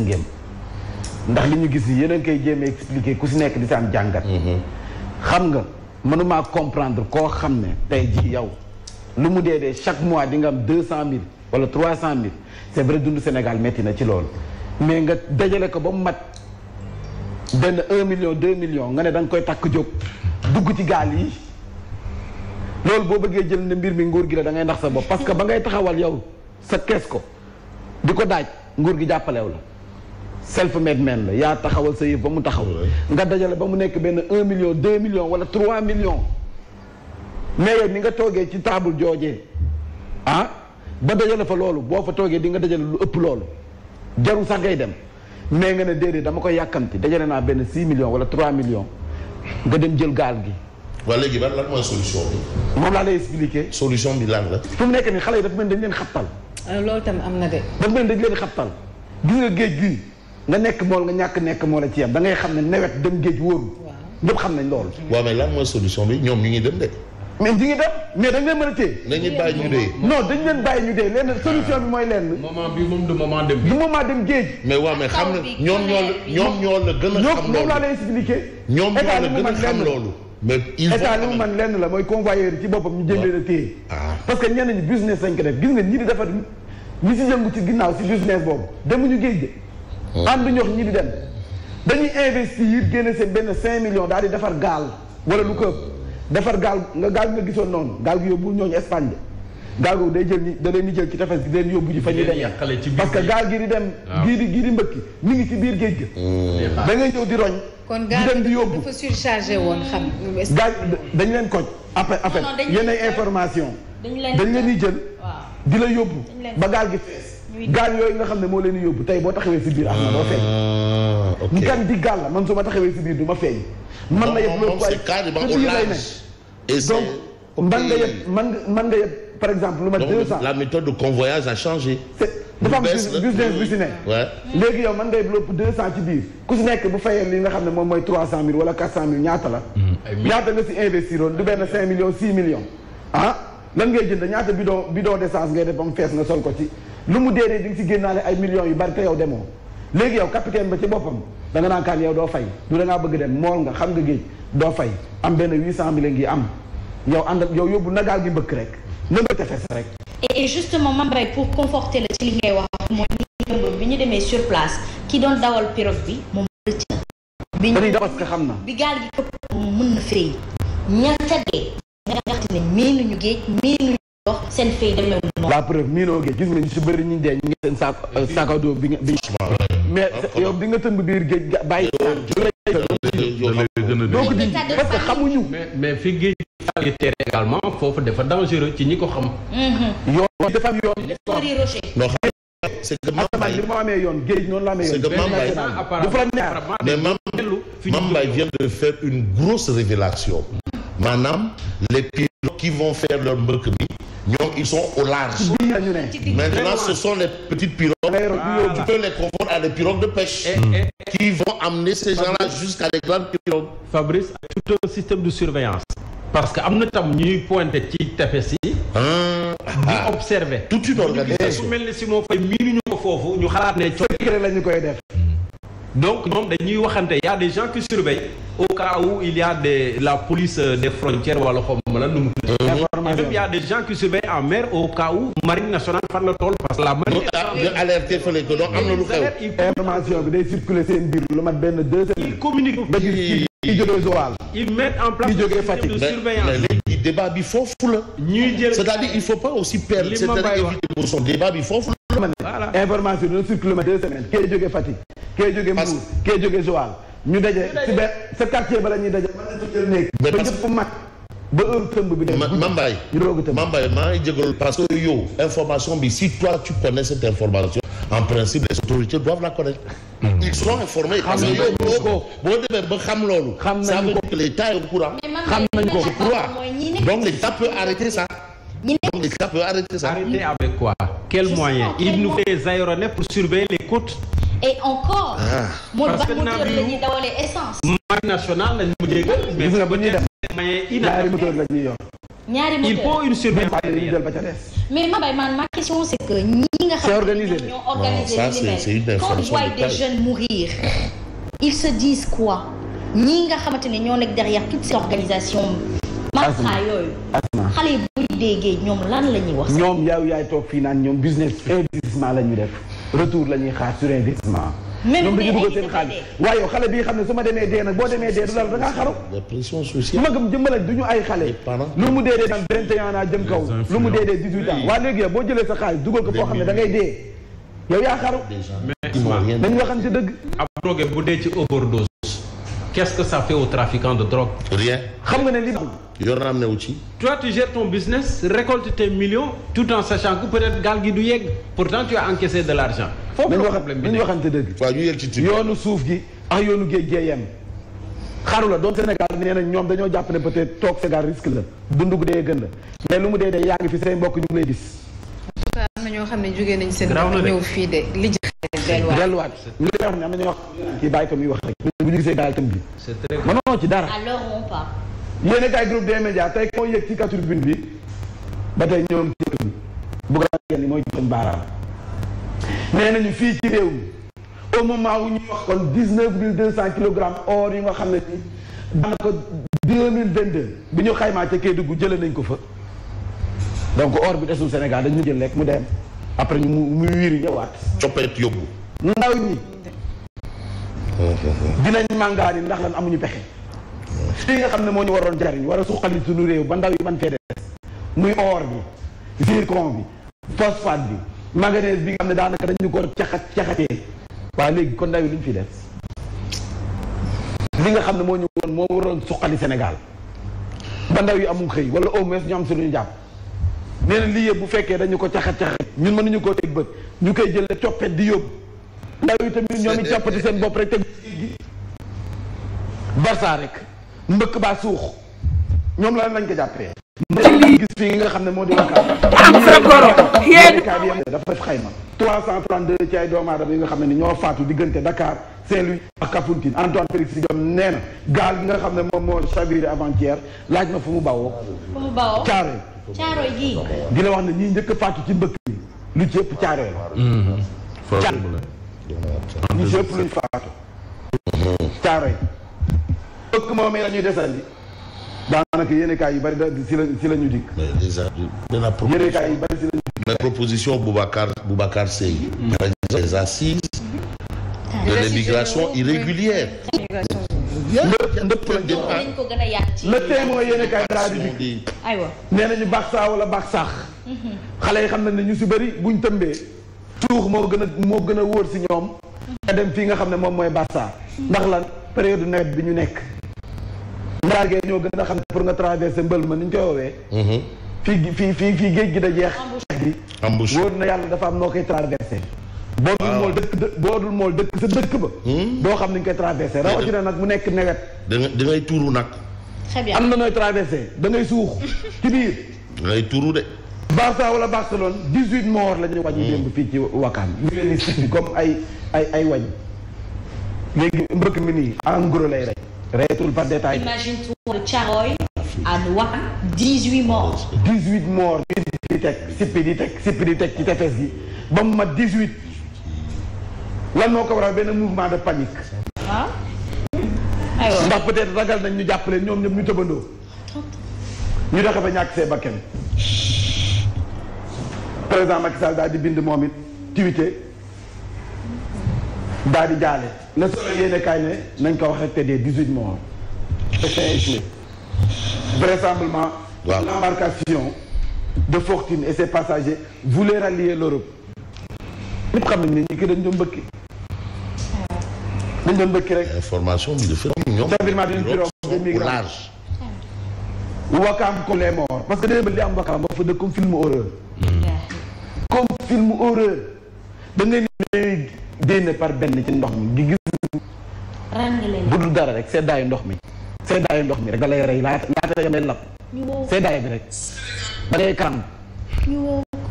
ngeen ndax li ñu gis yéen a ngi koy ku si nekk di sa am jàngat mhm. xam nga mënumaa comprendre koo xam ne tey jii yow lu mu dee dee chaque mois di nga am deux cent mille wala trois cent mille c'est vrai dund Sénégal métti na ci loolu mais nga dajale ko ba mu mat benn un million deux millions nga ne da nga koy takk jóg dugg ci gaal yi loolu boo bëggee jël ne mbir mi nguur gi la da ngay ndax sa bopp parce que ba ngay taxawal yow sa kees ko di ko daaj nguur gi jàppalew la self made man la yaa taxawal sa yëf ba mu taxaw nga dajale ba mu nekk benn un million deux millions wala trois millions mais yow ni nga toogee ci taabul joojee ah ba dajale fa loolu boo fa toogee di nga dajale lu ëpp loolu jarul sax ngay dem mais nga ne déedéet dama ko yàkkamti dajale naa benn six million wala trois million nga dem jël gaal gi waa léegi ban lan mooy solution bi moom laa lay expliquer solution bi lan la fu mu nekk nii xale yi dafa mel dañ leen xabtal ah, loolu tam am na de dafa mel dañ leen xabtal gis nga géej gi nga nekk mool nga ñàkk nekk moo a ci yam da xam ne nawet dem géej wóorul. ñëpp xam nañ loolu. waaw mais lan mooy solution bi ñoom ñu ngi dem de. mais ñu ngi dem mais dañ leen mën a téye. nañu bàyyi ñu dee. non dañ dem géej. a. xam loolu ñoom laa lay expliqué. ñoom ñoo man lenn la mooy convoyeur ci boppam ñu jël leen a ah. parce que ñenn ñi business lañ ko def gis nga ñi defar ñi si yëngu ci ginnaaw si business boobu demuñu géej de ànd ñox ñi di dem dañuy investir génne seen benn cinq millions daal di defar gaal wala lu ko defar gaal nga gaal nga gisoon noonu gaal gi yóbbu ñooñu Espagne de gaal googu day jël da leen di jël ci tefes gi leen yóbbu ji fa ñu dem parce que gaal gi di dem gii di gii di mbëkki mi ngi ci biir géej ga mm. dangay ngay di roñ kon gaal bi dafa surchargé woon xam gaal dañ leen koj après après yenn information dañ leen di jël di la yóbbu ba gaal gi fees gaal yooyu nga xam ne moo leen di yóbbu tey boo taxawee si biir. ah na doo feeñ. Ah, ok gan di ma taxawee si biir du ma feeñ. man la yëpp loolu waaye kër man nga yëpp man man nga yëpp par exemple lu ma. 200 la méthode de convoyage a changé. dafa am bus bu si man ngay blopp deux cent ci biir bu fayee li nga xam ne moom mooy trois cent mille wala quatre cent mille ñaata la hmm. ñaata nga si investir woon du benn cinq millions six millions ah lan ngay jënd ñaata bidon bidon d'essence ngay def ba fees nga sol ko ci lu mu dee dee di nga si ay millions yu bari te yow demoo léegi yow capitaine ba ci boppam da nga naan doo fay du da bëgg dem mool nga xam nga géej doo fay am benn huit cent mille ngi am yow ànd ak yow yóbbu nagaal gi mbëkk rek na nga tefes rek. et justement Mame Mbaye pour conforter la ci li ngay wax mooy ñoom bi ñu demee sur place ki doon dawal pirogue bi moom rëcc bi ñu ko xam na bi gaal gi këpp mën na fay ñaata dee. nga xamante ne miinuñu géej miinuñu dox seen la preuve miinoo géej gis nga si bëri ñu dee ñu ngi seen saako euh, saako bi nga bi mais ah, yow bi nga tëmb biir géej bàyyi doo ko dindi parce que xamuñu. mais mais fi géej gi tere également foofu ci ñi ko xam. Mm-hmm. yoon dafa am yoon. c'est que Mambay li ma amee yoon géej noonu la amee yoon. mais Mambay vient de faire une grosse révélation maanaam le pilotes qui vont faire leur mbëkk bi ñoom ils sont au large. maintenant ce sont les petites pirogues. Ah. tu peux les confondre à des pirogues de pêche. Eh, eh, eh. qui vont amener ces gens-là jusqu'à des grandes pirogues. Fabrice tout un système de surveillance. parce que am na tam ñuy pointé ci tefes yi. Ah. di observer. toute une organisation su mel ne si moo fay miinu ñu ko foofu ñu xalaat ne. secret la ñu koy def. donc ñoom dañuy waxante y a des gens qui surveillent au cas il y a des la police euh, des frontières wala xaw ma lan mu tudd euh, y a des gens qui surveillent en mer au cas marine nationale fan la tool parce la marine ñu alerté fële ko donc am information bi day circuler seen biir lu mat benn deux ils communiquent ba en place jógee Fatick de surveillance léegi débat bi foofu la ñuy jël c'est-à-dire il faut pas aussi perdre cest débat bi foofu la information kee jóge Mbuur kee jóge Joal ñu daje si benn sa quartier ba la ñuy daje mën nañu jël néeg ba ñëpp mag ba heure tëmb bi Mambaye Mambaye maa ngi jégalu parce que yow information bi si toi tu connais cette information en principe les autorités doivent la connaître hmm. ils sont informés parce que yow boo ko boo demee ba xam loolu ça veut dire que l'État est au courant xam nañ ko je crois donc l'État peut arrêter ça donc l'État peut arrêter ça arrêter avec quoi quel moyen il nous fait des aéronefs pour surveiller les côtes et encore. moo ba ah. moteur la ñuy dawalee essence. marque nationale lañ mujjee gën. mais gis nga bu ñuy def ñaari moteur la ñuy yor. ñaari moteur il faut une surveillance mais Mbaye man ma question c'est que ñi nga xam ne ñoo organisé li mel quand ils voient des jeunes mourir ils se disent quoi ñi nga xamante ne ñoo nekk derrière toute cette organisation. asma yooyu. xale yi bu ñu déggee ñoom lan la ñuy wax. ñoom yaay yaay toog fii naan ñoom business investissement la ñuy def. retour la ñuy xaar sur investissement. même dañuy dugal seen xaalis waaye yow xale bi xam ne su ma demee dee nag boo demee dee du la pression sociale xale. lu mu dee dee daan 21 ans waa léegi yow boo jëlee sa xaalis dugal ko xam ne da dee yow yaa xaru. dañu waxante dëgg. ab drogue qu'est-ce que ça fait aux trafiquants de drogue. rien. xam nga ne li yor yoonu suuf gi ak yoonu géej gee yem. xaru doon Sénégal nee ñoom dañoo jàpp peut-être toog Sénégal risque la dundu gu gën la mais lu mu dee dee yaa ngi fi say mbokk ñu lay gis. en tout na ñoo xam ne jógee nañ seen. ñëw fii de delluwaat li lay wax ne am na ñoo wax ne bàyyi ko muy wax rek bu ñu gisee daal tam bi mënoo ci dara alors on part yéen kay groupe des médias tey koo yëg ci tribune bi ba tey ñoom ci Bougane Gueye Dany mooy joxoñ baaraam nee fii ci réew mi au moment wu ñuy wax kon deux cent kilogrammes or yu nga xam ne ni daanaka mille vingt deux bi ñu xaymaa ca Kédougou jëlee nañ ko fa donc or bi desul Sénégal dañu jël rek mu dem après ñu mu wiiri ñëwaat. coppeet yóbbu. ndaw ñi. dinañ màngaani ndax lan amuñu pexe. fii nga xam ne moo ñu waroon jariñ war a suqali suñu réew ba ndaw yi man fee des muy or bi zircon bi phosphate bi manganèse bi nga xam ne daanaka dañu ko caxat caxatee waa léegi ko ndaw yi luñ fi des li nga xam ne moo ñu woon moo waroon suqali Sénégal ba ndaw yi amul xëy wala au moins ñu am suñu jàpp nee na lii yëpp bu fekkee dañu ko caxat caxat ñun mënuñu koo teg bët ñu koy jëlee coppet di yóbbu. ndaw yi tamit ñoom i coppati seen bopp rek teg barça rek mbëkk baa suux ñoom lan lañ ko jàppee. lii gis fii nga xam ne moo di wakaam. am sa goro yéen dafa def xayma. 332 ci ay doomu yi nga xam ne ni ñoo faatu diggante Dakar Saint-Louis ak Kafountine Antoine Félix Diome nee na gaal gi nga xam ne moom moo chaviré avant-hier laaj na fu mu bawoo. fu caaro gi di la wax ne njëkk a faatu ci mbëkk bi lu ci ëpp caaro la. caaro ñu ci ëpp luñ faatu. caaro yi. mbëkk moom yi la ñuy desandi. daanaka yéenekaay yu bari da si la si la ñu dikk. yéenekaay yu bari si la ñu dikk. la proposition Boubacar Boubacar Sèye. Ah. de l'immigration irrégulière. ndëpp ndëpp la jël le témoin yéen a kaay daal di nee nañu baax saa wala baax saax mhm. xale yi xam ne ñu si bëri buñ tëmbee tuux moo gën a moo gën a wóor si ñoom nga dem fii nga xam ne moom mooy bassa ndax lan période nawet bi ñu nekk ndaar gee ñoo gën a xam ne pour nga traversé mbël ma ni ñu koy woowee mhm. fii fii fii fii géej gi da jeex bi wóor na yàlla dafa am noo koy traversé boo dul mool dëkk boo dul mool dëkk sa dëkk ba. Hmm? doo xam ni nga koy traversé rawatina nag mu nekk nawet. da ngay tuuru nag. am na nooy traversé da ngay suux ci biir. da ngay tuuru de. Barça wala Barcelone dix huit morts la ñu wàññi hmm. démb fii ci Wakam. ñu leen di ay ay ay wàññi. léegi mbëkk mi nii en lay rey. reetul par détail. imagine tout de Thiaroye à Wakam dix huit morts. dix huit morts. di teg sippi di teg sippi di teg ci tefes yi ba mu mat dix huit. lan moo ko waral benn mouvement de panique. Ah. waaw. aywa ndax peut-être ragal nañ ñu jàppale ñoom ñoom ñu tëbandoo. ñu dexe fa ñàkk see bakkan. président Macky Sall daal di bind moom it daal di jaale. le soleil yéene kaay ne nañ ko wax te des dix-huit morts. vraisemblablement. waaw l'embarcation de fortune et ses passagers voulaient rallier l'Europe. ñëpp xam nañ ne ñi ki dañ doon mbëkki. dañ doon bëkk rek. information bi dafa. ñoom bu large. wakaam comme les parce que démb li am wakaam dafa dëkk comme film horreur. comme film horreur da ngay lay génne par benn ci ndox mi di gis. bu dul dara rek seddaayu ndox mi. seddaayu ndox mi rek rey laata laata yam lay lap. seddaayu rek. da ngay